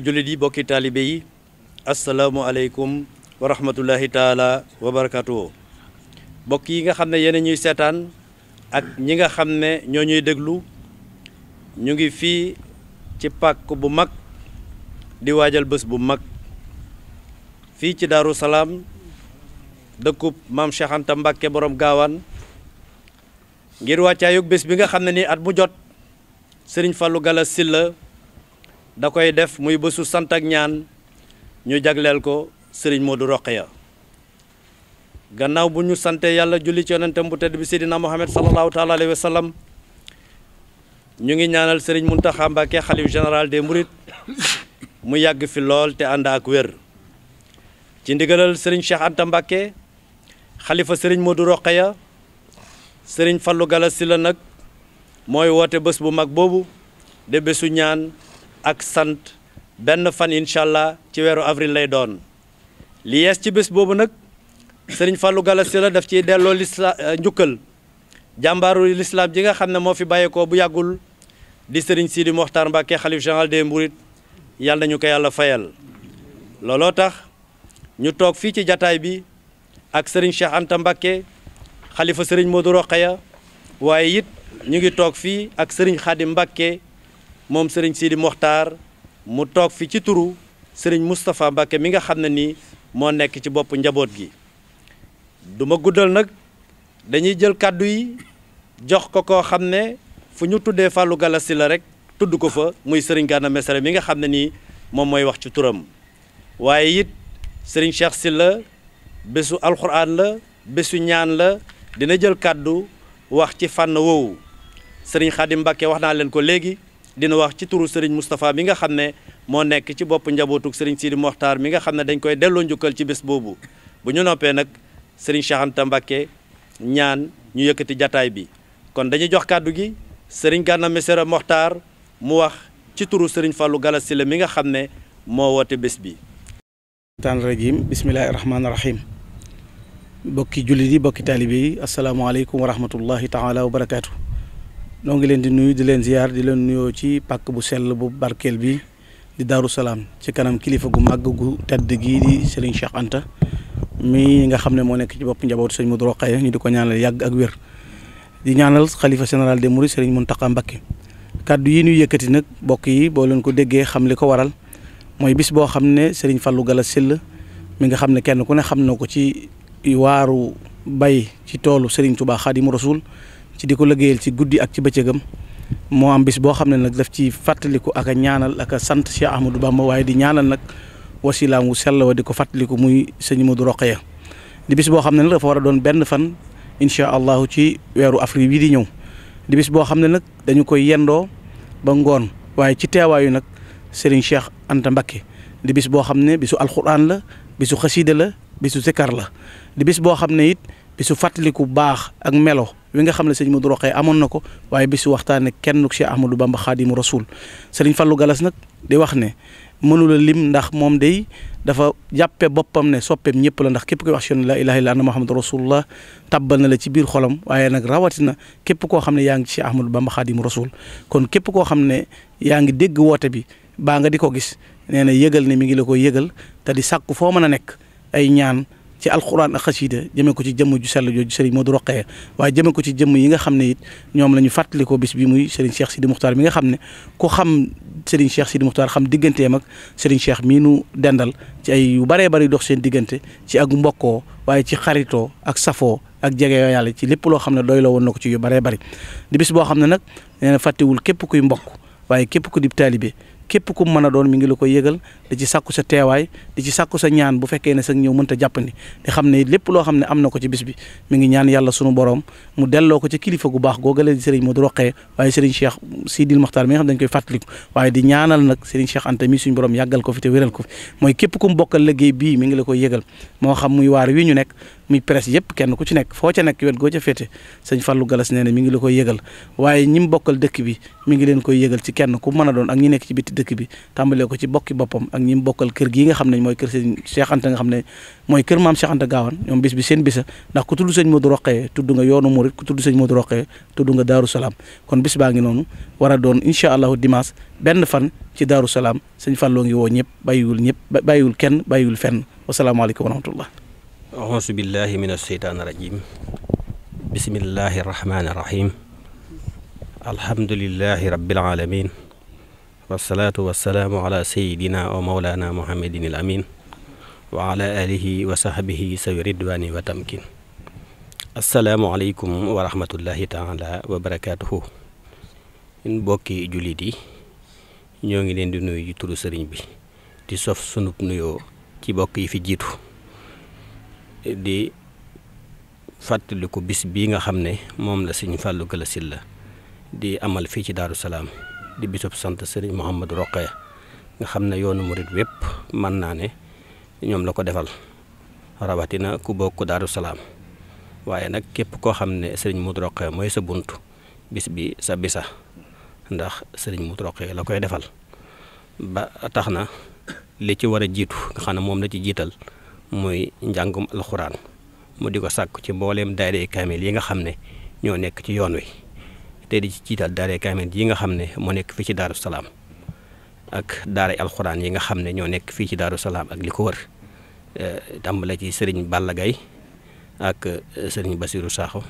bokki jullit yi bokki taalibe yi asalaamualeykum wa rahmatullahi taala wa barakatuhu yi nga xam ne yéen ñuy seetaan ak ñi nga xam ne ñoo ñuy déglu ñu ngi fii ci pàkk bu mag di waajal bés bu mag fii ci Daaru Salaam dëkkub maam Cheikh Anta Mbàkke borom gaawaan ngir wàccaayug bés bi nga xam ne ni at mu jot sëriñ Fallou Galass Sylla da koy def muy bésu sant ak ñaan ñu jagleel ko sëriñ moo du roq ya gannaaw bu ñu santee yàlla julli ci yonentam bu tedd bi Seydina Muhammad sallallahu taala alayhi ñu ngi ñaanal sëriñ Mountakha Mbacké xalif général des yàgg fi lool te ànd ak wér ci sëriñ Cheikh Anta Mbacké xalifa sëriñ Modou Rokhaya sëriñ Fallou Galass Sylla nag mooy woote bés bu mag boobu de bésu ñaan ak sant benn fan incha allah ci weeru avril lay doon li yees ci bés boobu nag sëriñ Fallou Galass la daf ciy delloo lisla euh, njukkal jàmbaaru lislaam ji nga xam ne moo fi bàyyeekoo bu yàggul di sëriñ Sidi Mokhtar Mbacké xalif général des Mourides yàlla nañu ko yàlla fayal looloo tax ñu toog fii ci jataay bi ak sëriñ Cheikh Anta xalifa sëriñ Modou Rokhaya waaye it ñu ngi toog fii ak sëriñ Khadim Mbacké moom sëriñ Sidi Mokhtar mu toog fi ci turu sëriñ Moustapha Mbacke mi nga xam ne nii moo nekk ci bopp njaboot gi duma guddal nag dañuy jël kàddu yi jox ko koo xam ne fu ñu tuddee Fallou Gallassi la rek tudd ko fa muy sëriñ Gana Messere mi nga xam ne nii moom mooy wax ci turam waaye it sëriñ Cheikh la bésu alxuraan la bésu ñaan la dina jël kàddu wax ci fànn woowu sëriñ Xaadim Mbacke wax naa leen ko léegi dina wax ci turu Serigne Moustapha mi nga xam ne moo nekk ci bopp njabootug Serigne Sidi Mokhtar mi nga xam ne dañ koy delloo njukkal ci bés boobu bu ñu noppee nag Serigne Cheikh Anta Mbacké ñaan ñu yëkkati jataay bi kon dañuy jox kàddu gi sëriñ Gana Messere Mokhtar mu wax ci turu Serigne Fallou Galass Sylla mi nga xam ne moo woote bés bi taan rajim bismillahi rahmaani rahim bokki jullit yi bokki taalibe yi asalaamaaleykum wa rahmatullahi taala wa barakaatu noo ngi leen di nuyu di leen ziar di leen nuyoo ci pàkk bu sell bu barkeel bi di Daaru Salaam ci kanam kilifa gu màgg gu tedd gi di Serigne Cheikh Anta mi nga xam ne moo nekk ci bopp njaboot sëñ Modou Rokhaya ñu di ko ñaanal yàgg ak wér di ñaanal xalifa général des Mourides Serigne Mountakha Mbacké kàddu yi nuy yëkkati nag mbokk yi boo leen ko déggee xam li ko waral mooy bis boo xam ne Serigne Fallou Gala Syll mi nga xam ne kenn ku ne xam noo ko ci waaru bay ci toolu Serigne Touba Khadim Rasoul ci di ko liggéeyal ci guddi ak ci bëccëgam moo am bis boo xam ne nag daf ci fàttaliku ak a ñaanal ak a sant Cheikh Ahmadou Bamba waaye di ñaanal nag wasilaam wu sell wa di ko fàttaliku muy sëñ Modou Rokhaya di bis boo xam ne nag dafa war a doon benn fan incha allahu ci weeru afril bii di ñëw di bis boo xam ne nag dañu koy yendoo ba ngoon waaye ci teewaayu nag Serigne Cheikh Anta Mbacké di bis boo xam ne bisu alxuraan la bisu xasiida la bisu zikar la di bis boo xam ne it su fàttaliku baax ak melo wi nga xam ne sëñ Modou Rokhaya amoon na ko waaye bi bisu waxtaane kenn ku si Ahmadou Bamba rasul Rasuul sëriñ Fallou Galas nag di wax ne mënula lim ndax moom day dafa jàppe boppam ne soppeem ñëpp la ndax képp koy wax si la ilaha illa anna muhammadu rasulullah tabbal na la ci biir xolam waaye nag rawatina képp koo xam ne yaa ngi ci ahmadou bamba xaadimu rasul kon képp koo xam ne yaa ngi dégg woote bi baa nga di ko gis nee na yëgal ne mi ngi la ko yëgal te di sàkku foo mën a nekk ay ñaan ci alxuraan ak xasiida jëmee ko ci jëmm ju sell jooju sëriñ Modou Rokhaya waaye jëmee ko ci jëmm yi nga xam ne it ñoom lañu ñu fàttalikoo bis bi muy sëriñ Cheikh Sidi Muxtaar mi nga xam ne ku xam sëriñ Cheikh Sidi Muxtaar xam digganteem mag sëriñ Cheikh mii nu dendal ci ay yu baree bari dox seen diggante ci ak mbokkoo waaye ci xaritoo ak safoo ak jege yàlla ci lépp loo xam ne doy la woon na ko ci yu baree bari di bis boo xam ne nag nee na fàttewul képp kuy mbokk waaye képp ku dib taalibe képp ku mën a doon mi ngi la koy yëgal di ci sàkku sa teewaay di ci sàkku sa ñaan bu fekkee ne sax ñëw mënta jàppandi di xam ne lépp loo xam ne am na ko ci bis bi mi ngi ñaan yàlla sunu borom mu delloo ko ci kilifa gu baax googale di sëriñ Modou Rokhaya waaye sëriñ Cheikh Sidil Mokhtar mi nga xam dañ koy fàttaliku waaye di ñaanal nag sëriñ Cheikh Anta mi suñu borom yàggal ko fi te wéral ko fi mooy képp ku mu bokkal liggéey bii mi ngi la koy yëgal moo xam muy waar wi ñu nekk muy presse yëpp kenn ku ci nekk foo ca nekk wet goo ca féete sëñ Fallou Galas nee na mi ngi la yëgal waaye ñi bokkal dëkk bi mi ngi leen koy yëgal ci kenn ku mën a doon ak ñi nekk ci bitti dëkk bi tàmbalee ko ci bokki boppam ak ñi mu bokkal kër gii nga xam ne mooy kër sëñ Cheikh Anta nga ne mooy kër maam Cheikh Anta ñoom bis bi seen bisa ndax ku tudd sëñ Modou Rokhaya tudd nga yoonu Murid ku tudd sëñ Modou Rokhaya tudd nga Daaru Salaam kon bis baa ngi noonu war a doon incha allahu dimanche benn fan ci Daaru Salaam sëñ Fallou ngi woo ñëpp bàyyiwul ñëpp bàyyiwul kenn bàyyiwul fenn wasalaamaaleykum wa rahmatullah auzu billahi min asheytaani rajim bismillahi rahmaani rahim alhamdulilahi rabbil alamin wasalaatu wasalaamu ala sayidina wa mawlana muhammadin il wa ala wa sahbihi sawi ridwani wa tamkin asalaamualeykum wa rahmatullahi taala wa barakaatuhu mbokki jullit yi ñoo ngi leen di nuyu ci turu sëriñ bi di sof sunub nuyoo ci bokk yi fi jiitu di fàttaliku bis bii nga xam ne moom la sëñ Fallou Gala la di amal fii ci Daaru Salaam di bisub sant sëriñ Mouhamadou Rokhaya nga xam ne yoonu murit wépp mën naa ne ñoom la ko defal rawatina ku bokk Daaru Salaam waaye nag képp koo xam ne sëriñ Modou Rokhaya mooy sa bunt bis bi sa bisa ndax sëriñ Modou Rokhaya la koy defal ba tax na li ci war a jiitu nga xam ne moom la ci jiital muy njàngum alxuraan mu di ko sàkk ci mbooleem daayira kaamil yi nga xam ne ñoo nekk ci yoon wi te di ci ciital daayira kaamil yi nga xam ne moo nekk fii ci Daaru Salaam ak daara alxuraan yi nga xam ne ñoo nekk fii ci Daaru Salaam ak li ko wër eh, tàmbale ci sëriñ ballagay ak eh, sëriñ Basiru Sakho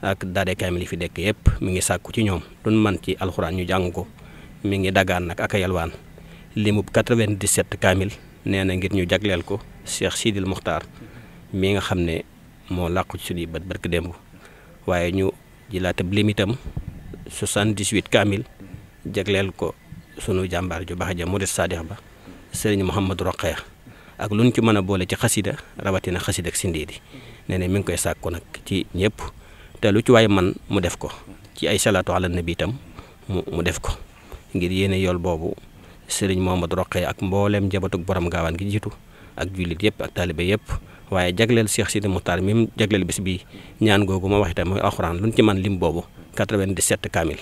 ak daare kaamil yi fi dekk yëpp mu ngi sàkku ci ñoom duñ man ci alxuraan ñu jàng ko mi ngi dagaan nag ak a yalwaan limub 97 kaamil nee na ngir ñu jagleel ko Cheikh Sidil Muxtaar mi nga xam ne moo làqu ci suñuy bët barki démb waaye ñu jilaatab lim itam 78 kaamil jagleel ko sunu jàmbaar ju baax ja murid saadix ba sëriñ Mouhamadou Roqeya ak lu ñu ci mën a boole ci xasida rawatina xasida ak sindiidi nee ne mi ngi koy sàkku nag ci ñëpp te lu ci waay man mu def ko ci ay salaatu ala nabi itam mu mu def ko ngir yéene yool boobu sëriñ Mouhamadou Roqeya ak mbooleem jabatug borom gaawaan gi jiitu ak jullit yëpp ak taalibe yëpp waaye jagleel Cheikh Sidi Moukhtar mi jagleel bis bi ñaan googu ma wax itam mooy alxuraan lu ñu ci man lim boobu 97 kaamil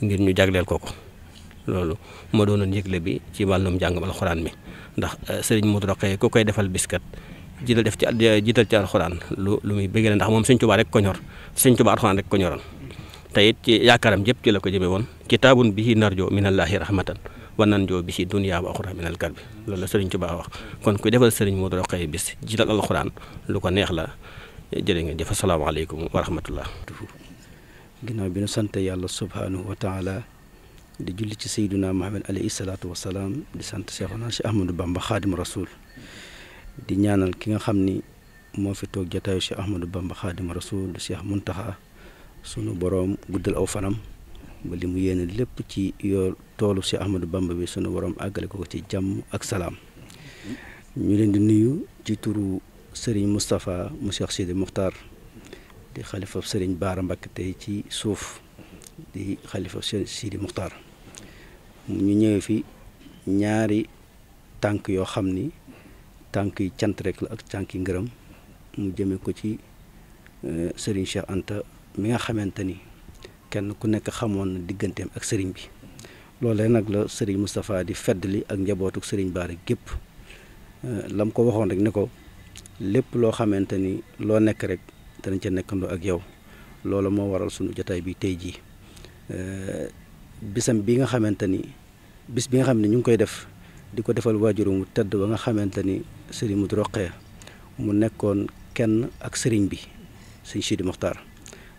ngir ñu jagleel ko ko loolu moo doonoon yëgle bi ci wàllum njàngam alxuraan mi ndax euh, sëriñ Modou Rokhaya ku koy defal biskat ji la def ci euh, jiital ci alxuraan lu lu muy bëggee ndax moom sëñ Tuubaa rek ko ñor sëñ Tuubaa alxuraan rek ko ñoroon te it ci yaakaaram yëpp ci la ko jëmee woon kitaabun bihi narjo minallahi rahmatan war nan joo bi si duniyaa ba axura minal kar bi loolu la sëriñ Tuubaa wax kon ku defal sëriñ Moodu Rokhaya bis jiital alxuraan lu ko neex la jërë ngeen jëf asalaamaaleykum wa rahmatullah ginnaaw bi nu sant yàlla subhaanahu wa taala di julli ci sayduna Muhammad alayhi salaatu wa salaam di sant Seexuna si Ahmadou Bamba xaadimu rasul di ñaanal ki nga xam ni moo fi toog jataayu si Ahmadou Bamba xaadimu rasul di Seex Muntaxa sunu boroom guddal aw fanam ba li mu yéene lépp ci yoo toolu si Ahmadou Bamba bi sunu woroom àggale ko ci jàmm ak salaam ñu leen di nuyu ci turu sëriñ Moustapha mu Cheikh Sidi Muxtaar di xalifa sëriñ Baara mbakk tey ci suuf di xalifa Sidi Muxtaar ñu ñëwee fi ñaari tànk yoo xam ni tànk yi cant rek la ak tànk yi ngërëm mu jëme ko ci euh, sëriñ Cheikh Anta mi nga xamante ni kenn ku nekk xamoon na digganteem ak sëriñ bi loolu loolee nag la sëriñ Moustapha di feddali ak njabootuk sëriñ Bara gépp eh, lam ko waxoon rek ne ko lépp loo xamante ni loo nekk rek danañ ca nekkandoo ak yow loolu moo waral sunu jotaay bi tey jii eh, bisam bi nga xamante ni bis bi nga xam ne ñu ngi koy def di ko defal waajuru mu tedd ba nga xamante ni sëriñ mu roqee mu nekkoon kenn ak sëriñ bi sëñ Sidi Moxtaar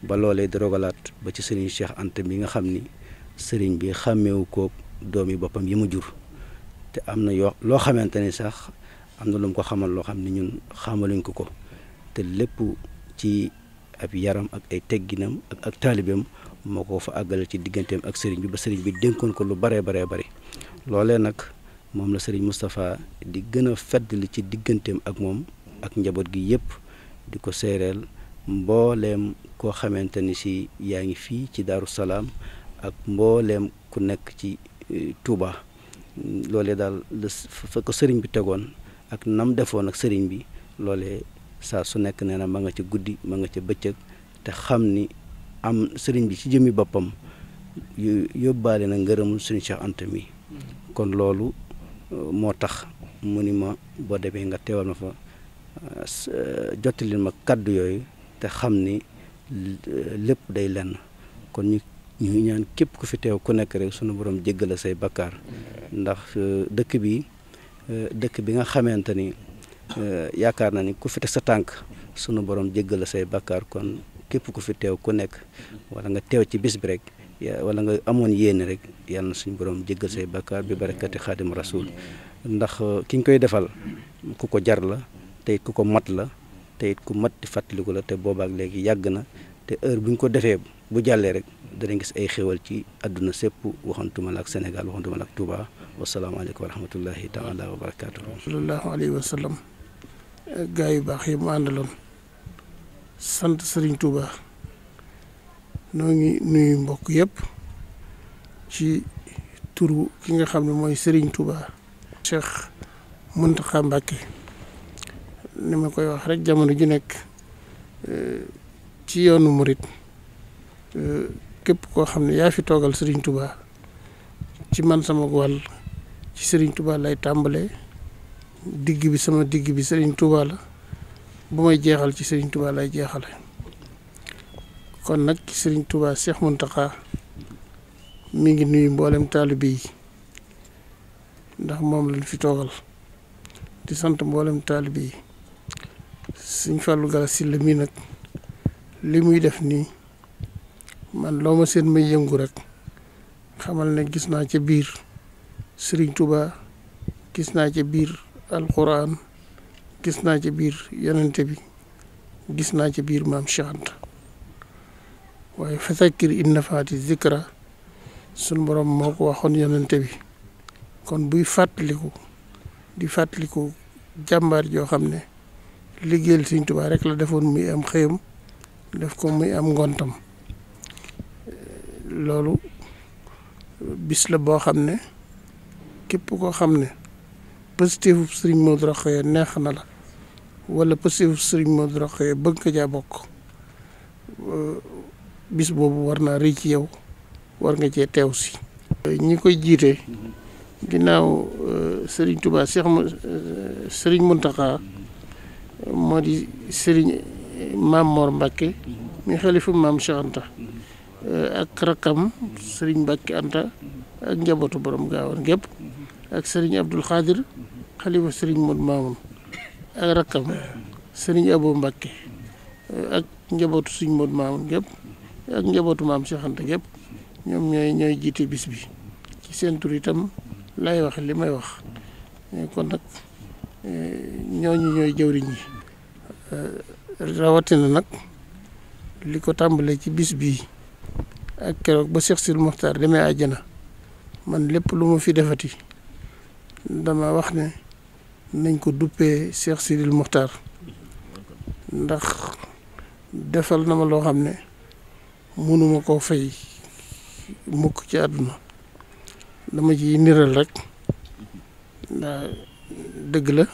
ba loolee di ba ci sëriñ Cheikh Anta mi nga xam ni sëriñ bi xàmmeewu koog doomi boppam yi mu jur te am na yoo loo xamante ni sax am na lu mu ko xamal loo xam ne ñun xamaluñ ko ko te lépp ci ab yaram ak ay tegginam ak ak taalibeem moo ko fa àggale ci digganteem ak sëriñ bi ba sëriñ bi dénkoon ko lu baree baree bëri loolee nag moom la sëriñ Moustapha di gën a feddali ci digganteem ak moom ak njaboot gi yëpp di ko séeréel mbooleem koo xamante ni si yaa ngi fii ci Daaru Salaam ak mbooleem ku nekk ci e, Touba loole daal la fa ko sëriñ bi tegoon ak nam defoon ak sëriñ bi loole saa su nekk nee na ma nga ca guddi ma nga ca bëccëg te xam ni am sëriñ bi ci jëmmi boppam yóbbaale na ngërëmul suñu Cheikh Anta mi kon loolu e, moo tax mu ni ma boo demee nga teewal na fa e, jottali ma kàddu yooyu te xam ni lépp day lenn kon ñu ñu ñaan képp ku fi teew ku nekk rek sunu borom jéggala say bakkaar ndax euh, dëkk bi euh, dëkk bi nga xamante ni euh, yaakaar na ni ku fi teg sa tànk sunu borom jéggala say bakkaar kon képp ku fi teew ku nekk walla nga teew ci bis bi rek wala nga amoon yéene rek yàlla na suñu borom jéggal say bakkaar bi barakati xaadim rasul ndax ki ñu koy defal ku ko jar la tey ku ko mat la te it ku matti di fàttaliku la te boobaak léegi yàgg na te heure bu ñu ko defee bu jàllee rek danañ gis ay xéwal ci àdduna sépp waxantuma la ak Sénégal waxantuma la ak Touba wasalaamaaleykum wa rahmatullahi taala wa barakaatu. sallallahu alayhi yu baax mu àndaloon sant Serigne tubaa noo ngi nuyu mbokk yépp ci turu ki nga xam ne mooy Serigne Touba. Cheikh Mountakha Mbacké. ni ma koy wax rek jamono ju nekk euh, ci yoonu murit euh, képp koo xam ne yaa fi toogal sëriñ Touba ci man sama wàll ci Serigne Touba lay tàmbalee digg bi sama digg bi sëriñ Touba la bu may jeexal ci sëriñ Touba lay jeexale kon nag ci tubaa Touba Cheikh Mountakha mi ngi nuyu mboolem taalibe yi ndax moom lañ fi toogal di sant mboolem taalibe yi. Sëñ Fallou Galass Syll mii nag li muy def nii man looma ma seen may yëngu rek xamal ne gis naa ca biir Serigne Touba gis naa ca biir alquran gis naa ca biir yonente bi gis naa ca biir maam Cheikh Anta waaye fasakkir inna faati zikra sunu borom moo ko waxoon yonente bi kon buy fàttaliku di fàttaliku jàmbaar joo xam ne. liggéeyal Sëriñ Tuubaa rek la defoon muy am xëyam def ko muy am ngontam loolu bis la boo xam ne képp koo xam ne positifu sëriñ Modou Rokhaya neex na la wala positifu sëriñ Modou Rokhaya bëgg ko jaa bokk bis boobu war naa rëy ci yow war nga cee teew si ñi koy jiite ginnaaw euh, sëriñ Tuubaa Seex euh, Sëriñ Muntaxa moo di sëriñ Maam Mor Mbacke mi xalifu maam Cheikh eh, ak rakkam Serigne Mbacke Anta ak njabootu borom gaawoon gépp ak Serigne Abdoul Khadir xalifa Serigne Modou Mamoun ak rakkam Serigne Abou Mbacke eh, ak njabootu suñ Modou Mamoun gépp ak njabootu maam Cheikh Anta gépp ñoom ñooy ñooy jiite bis bi ci seen tur itam laay wax li may wax eh, kon nag. Eh, ñooñu ñooy jëwriñ yi eh, rawatina nag li ko tàmbalee ci bis bii ak keroog ba Cheikh Sil Muxtaar demee àjjana man lépp lu ma fi defati dama wax ne nañ ko duppee Cheikh Sidil Muxtaar ndax defal na ma loo xam ne mënuma koo fay mukk ci àdduna dama ci niral rek dëgg la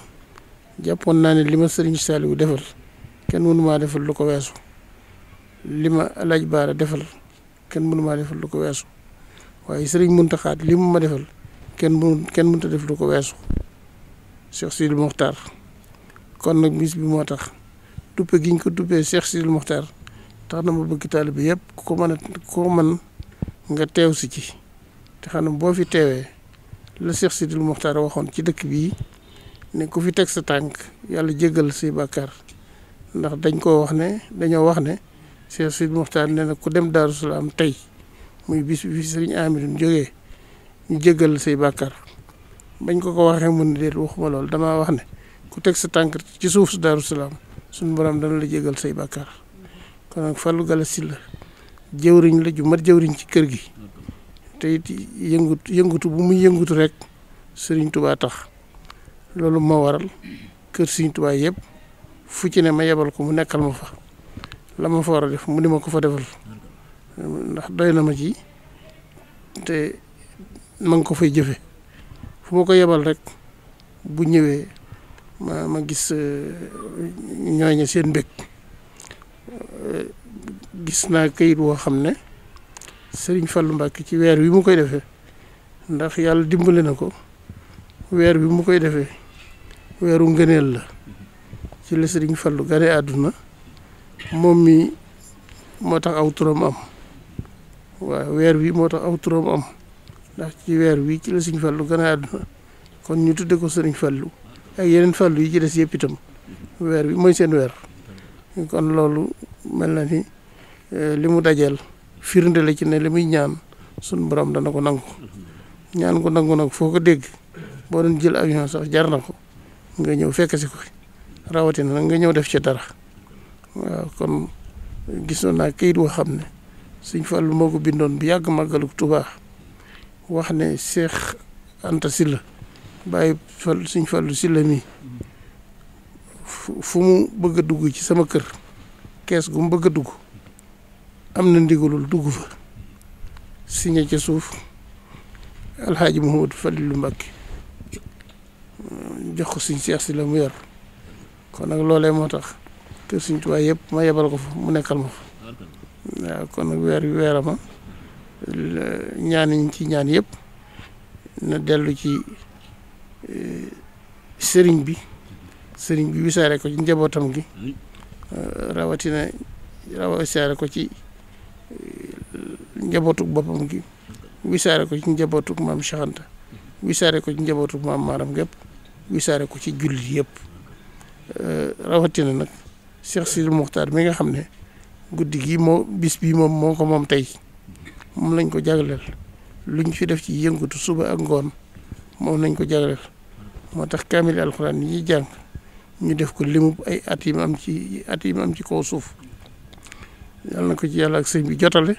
jàppoon naa ne li ma sëriñ Saliou defal kenn mënu maa defal lu ko weesu li ma laaj baara defal kenn mënu maa defal lu ko weesu waaye sëriñ Muntaxaat li mu ma defal kenn mënu kenn mënta def lu ko weesu Cheikh lu Mokhtar kon nag miis bi moo tax duppe gi ñu ko duppee Cheikh Sidil Mokhtar tax na ma bëgg taalibe yépp ku ko mën a ku ko man nga teew si ci te xam boo fi teewee. la Cheikh lu Muxtaar waxoon ci dëkk bii ne ku fi teg sa tànk yàlla jégal si bàkkaar ndax dañ koo wax ne dañoo wax ne Cheikh Sidil Muxtaar nee nag ku dem Daaru Salaam tey muy bis bi Sëriñ Amidu jógee ñu jégal say bàkkaar bañ ko ko waxee mun ne déet waxuma lool damaa wax ne ku teg sa tànk ci suuf su Daaru Salaam suñu borom dana la jégal say bàkkaar kon nag Fallou Galass la jëwriñ la ju mat jëwriñ ci kër gi te it yëngutu bu mu yëngutu rek sëriñ tubaa tax loolu ma waral kër sëriñ tubaa yëpp fu ci ne ma yebal ko mu nekkal ma fa la ma fa war a def mu di ma ko fa defal ndax doy na ma ci te ma ngi ko fay jëfe fu ma ko yebal rek bu ñëwee ma ma gis euh, ñooñe seen mbég euh, gis naa kayit woo xam ne sëriñ Fallou Mbacke ci weer wi mu koy defee ndax yàlla dimbale na ko weer wi mu koy defee weeru ngëneel la ci la sëriñ Fallou gane àdduna moom mi moo tax aw turam am waaw weer wi moo tax aw turam am ndax ci weer wi ci la sëriñ Fallou gane àdduna kon ñu tudde ko sëriñ fallu ak yeneen Fallou yi ci des yëpp itam weer wi mooy seen weer kon loolu mel na ni eh, li mu dajeel firnde la ci ne li muy ñaan sunu boroom dana ko nangu ñaan ko nangu nag foo ko dégg boo doon jël avion sax jar na ko nga ñëw fekk si ko rawatina nag nga ñëw def ci dara waaw kon gisoon ak kayit woo xam ne Sëñ Fallu moo ko bindoon bu yàgg màggalu tubaa wax ne Seex Anta Silla bàyyi Fallu suñ Fallu Silla mi fu mu bëgg a dugg ci sama kër kees gu mu bëgg a dugg am na ndigalul dugg fa signé ca suuf alxaaji Mouhamadou Fadilou Mbacké jox ko suñ seex si la mu yor kon nag loolee moo tax kër suñ tubaay yëpp ma yebal ko fa mu nekkal ma fa waaw kon nag weer wi weerama ñaaniñ ci ñaan yëpp na dellu ci e, sëriñ bi sëriñ bi wisaare ko ci njabootam gi rawatina rawa wisaare ko ci njabootuk boppam gi wisaare ko ci njabootuk maam Cheikh Anta wisaare ko ci njabootuk am Maram gépp wisaare ko ci jullit yëpp euh, rawatina nag Cheikh Sidil Muxtaar mi nga xam ne guddi gi moo bis bii moom moo ko moom tey moom lañ ko jagleel luñ fi def ci yëngatu suba ak ngoon moom lañ ko jagleel moo tax kaamil alxuraan yi ñuy jàng ñu def ko limub ay at yi mu am ci at am ci kaw suuf yàlla na ko ci yàlla ak sëñ bi jotale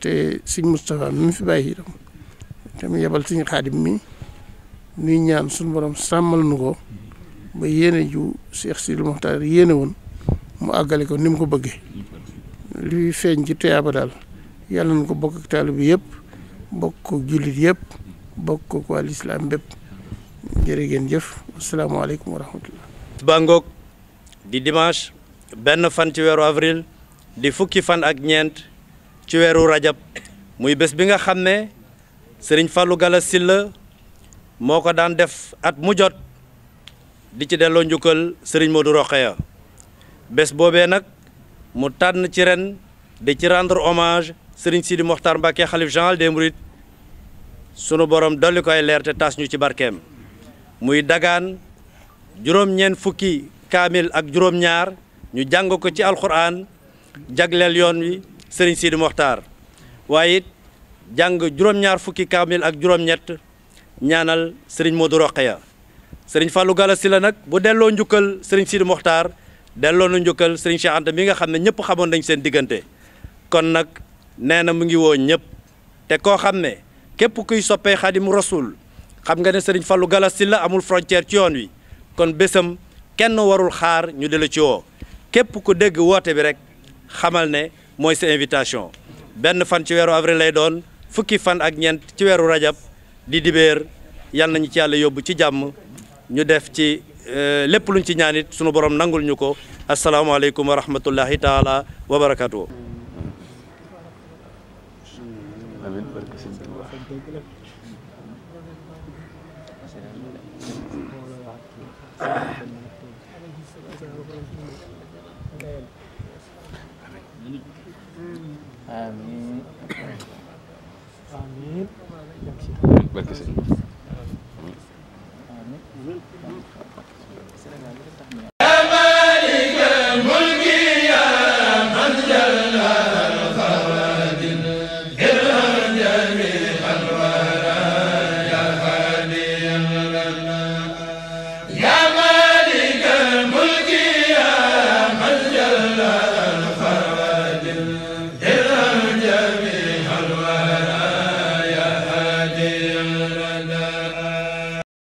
te sëñ Moustapha mi fi bàyyi itam te mu yebal sëñ Xaadim mi nuy ñaan suñu borom sàmmal nu ko ba yéene ju Cheikh Sidi Mokhtar yéene woon mu àggale ko ni mu ko bëggee li feeñ ci tuyaaba daal yàlla na ko bokk ak taalibe bi yëpp bokk ko jullit yëpp bokk ko waa lislaam bépp jërë jëf asalaamaaleykum wa rahmatullah. benn fan ci weeru avril. di fukki fan ak ñeent ci weeru rajab muy bés bi nga xam ne sëriñ falu gala Sylla moo ko daan def at mu jot di ci delloo njukkal sëriñ Modou Rokhaya bés boobe nag mu tànn ci ren di ci rendre omage sëriñ Sidi Mokhtar Mbacké xalif général des mourides sunu borom dolli koy leer te tas ñu ci barkeem muy dagaan juróom-ñeent fukki kaamil ak juróom-ñaar ñu jàng ko ci alxuraan jagleel yoon wi sëriñ Sidi Moxtaar waaye it jàng juróom-ñaar fukki kaamil ak juróom-ñett ñaanal moo Modou Rokhaya sëriñ Fallou Gala Sylla nag bu delloo njukkal sëriñ Sidi Moxtaar delloo na njukkal sëriñ Cheikh Anta mi nga xam ne ñëpp xamoon nañ seen diggante kon nag nee na mu ngi woo ñëpp te koo xam ne képp kuy soppee mu Rasuul xam nga ne sëriñ fallu Gala Sylla amul frontière ci yoon wi kon bésam kenn warul xaar ñu di la ci woo képp ku dégg woote bi rek xamal ne mooy sa invitation benn fan ci weeru avril lay doon fukki fan ak ñeent ci weeru rajab di dibéer yal nañu ci yàlla yóbbu ci jàmm ñu def ci euh, lépp luñ ci ñaanit sunu boroom nangul ñu ko asalaamaaleykum wa rahmatullahi taala wa amiin amiin barke sëñ